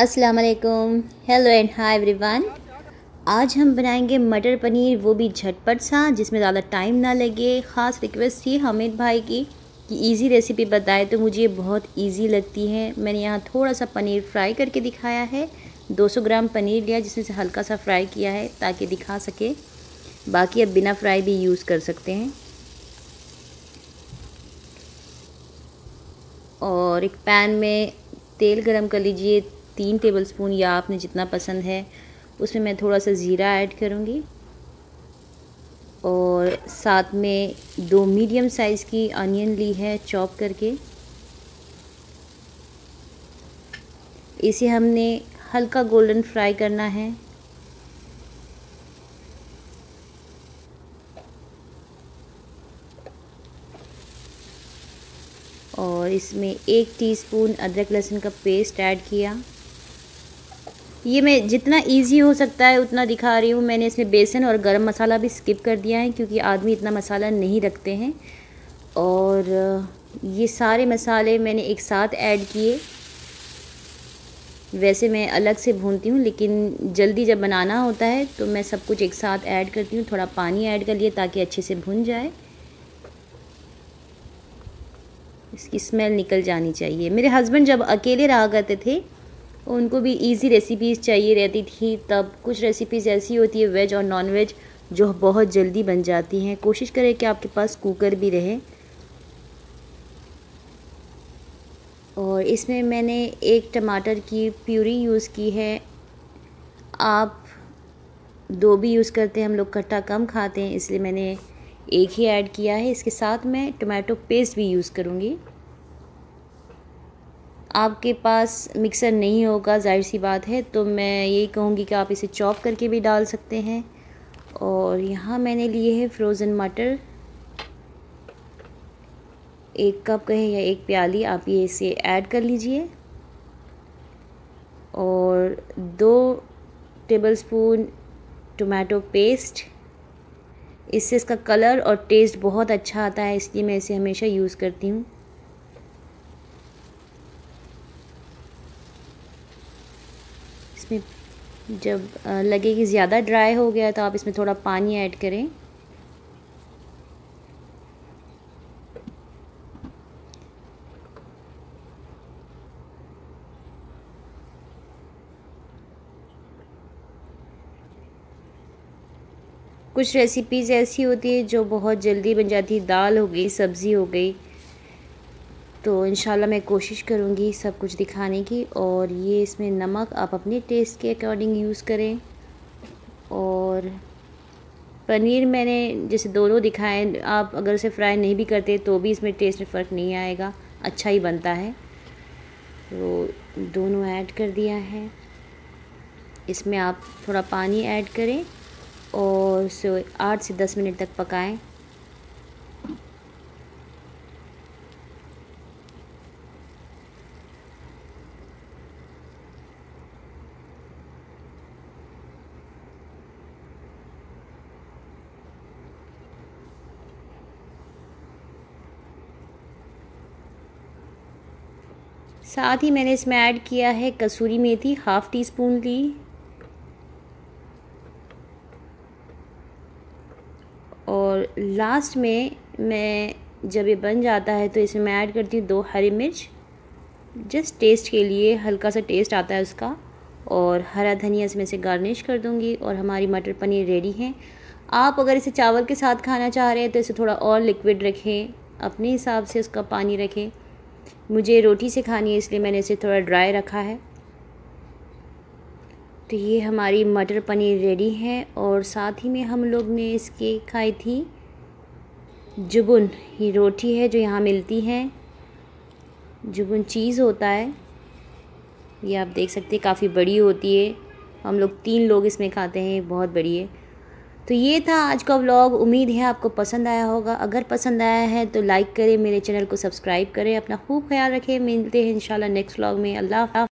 अस्सलाम वालेकुम hello and hi everyone आज हम बनाएंगे मटर पनीर वो भी झटपट सा जिसमें ज़्यादा टाइम ना लगे ख़ास रिक्वेस्ट थी हमिद भाई की कि इजी रेसिपी बताए तो मुझे बहुत इजी लगती है मैंने यहाँ थोड़ा सा पनीर फ्राई करके दिखाया है 200 ग्राम पनीर लिया जिसमें से हल्का सा फ्राई किया है ताकि दिखा सके बाकी अब बिना फ्राई भी यूज़ कर सकते हैं और एक पैन में तेल गरम कर लीजिए तीन टेबल स्पून या आपने जितना पसंद है उसमें मैं थोड़ा सा ज़ीरा ऐड करूँगी और साथ में दो मीडियम साइज़ की अनियन ली है चॉप करके इसे हमने हल्का गोल्डन फ्राई करना है और इसमें एक टीस्पून अदरक लहसुन का पेस्ट ऐड किया ये मैं जितना इजी हो सकता है उतना दिखा रही हूँ मैंने इसमें बेसन और गरम मसाला भी स्किप कर दिया है क्योंकि आदमी इतना मसाला नहीं रखते हैं और ये सारे मसाले मैंने एक साथ ऐड किए वैसे मैं अलग से भूनती हूँ लेकिन जल्दी जब बनाना होता है तो मैं सब कुछ एक साथ ऐड करती हूँ थोड़ा पानी ऐड कर लिए ताकि अच्छे से भुन जाए इसकी स्मेल निकल जानी चाहिए मेरे हस्बैंड जब अकेले रहा करते थे उनको भी इजी रेसिपीज़ चाहिए रहती थी तब कुछ रेसिपीज़ ऐसी होती है वेज और नॉन वेज जो बहुत जल्दी बन जाती हैं कोशिश करें कि आपके पास कुकर भी रहे और इसमें मैंने एक टमाटर की प्यूरी यूज़ की है आप दो भी यूज़ करते हैं हम लोग खट्टा कम खाते हैं इसलिए मैंने एक ही ऐड किया है इसके साथ मैं टमाटो पेस्ट भी यूज़ करूँगी आपके पास मिक्सर नहीं होगा जाहिर सी बात है तो मैं यही कहूँगी कि आप इसे चॉप करके भी डाल सकते हैं और यहाँ मैंने लिए है फ्रोज़न मटर एक कप कहे या एक प्याली आप ये इसे ऐड कर लीजिए और दो टेबलस्पून टोमेटो पेस्ट इससे इसका कलर और टेस्ट बहुत अच्छा आता है इसलिए मैं इसे हमेशा यूज़ करती हूँ इसमें जब लगे कि ज़्यादा ड्राई हो गया तो आप इसमें थोड़ा पानी ऐड करें कुछ रेसिपीज़ ऐसी होती है जो बहुत जल्दी बन जाती है दाल हो गई सब्ज़ी हो गई तो इन मैं कोशिश करूँगी सब कुछ दिखाने की और ये इसमें नमक आप अपने टेस्ट के अकॉर्डिंग यूज़ करें और पनीर मैंने जैसे दोनों दिखाए आप अगर उसे फ्राई नहीं भी करते तो भी इसमें टेस्ट में फ़र्क नहीं आएगा अच्छा ही बनता है तो दोनों ऐड कर दिया है इसमें आप थोड़ा पानी ऐड करें और उसे आठ से दस मिनट तक पकाएं साथ ही मैंने इसमें ऐड किया है कसूरी मेथी हाफ़ टी स्पून ली और लास्ट में मैं जब ये बन जाता है तो इसमें मैं ऐड करती हूँ दो हरी मिर्च जस्ट टेस्ट के लिए हल्का सा टेस्ट आता है उसका और हरा धनिया इसमें से गार्निश कर दूँगी और हमारी मटर पनीर रेडी है आप अगर इसे चावल के साथ खाना चाह रहे हैं तो इसे थोड़ा और लिक्विड रखें अपने हिसाब से उसका पानी रखें मुझे रोटी से खानी है इसलिए मैंने इसे थोड़ा ड्राई रखा है तो ये हमारी मटर पनीर रेडी है और साथ ही में हम लोग ने इसके खाई थी जुबन ये रोटी है जो यहाँ मिलती है जुबन चीज़ होता है ये आप देख सकते हैं काफ़ी बड़ी होती है हम लोग तीन लोग इसमें खाते हैं बहुत बड़ी है तो ये था आज का व्लॉग उम्मीद है आपको पसंद आया होगा अगर पसंद आया है तो लाइक करें मेरे चैनल को सब्सक्राइब करें अपना खूब ख्याल रखें मिलते हैं इंशाल्लाह नेक्स्ट व्लॉग में अल्लाह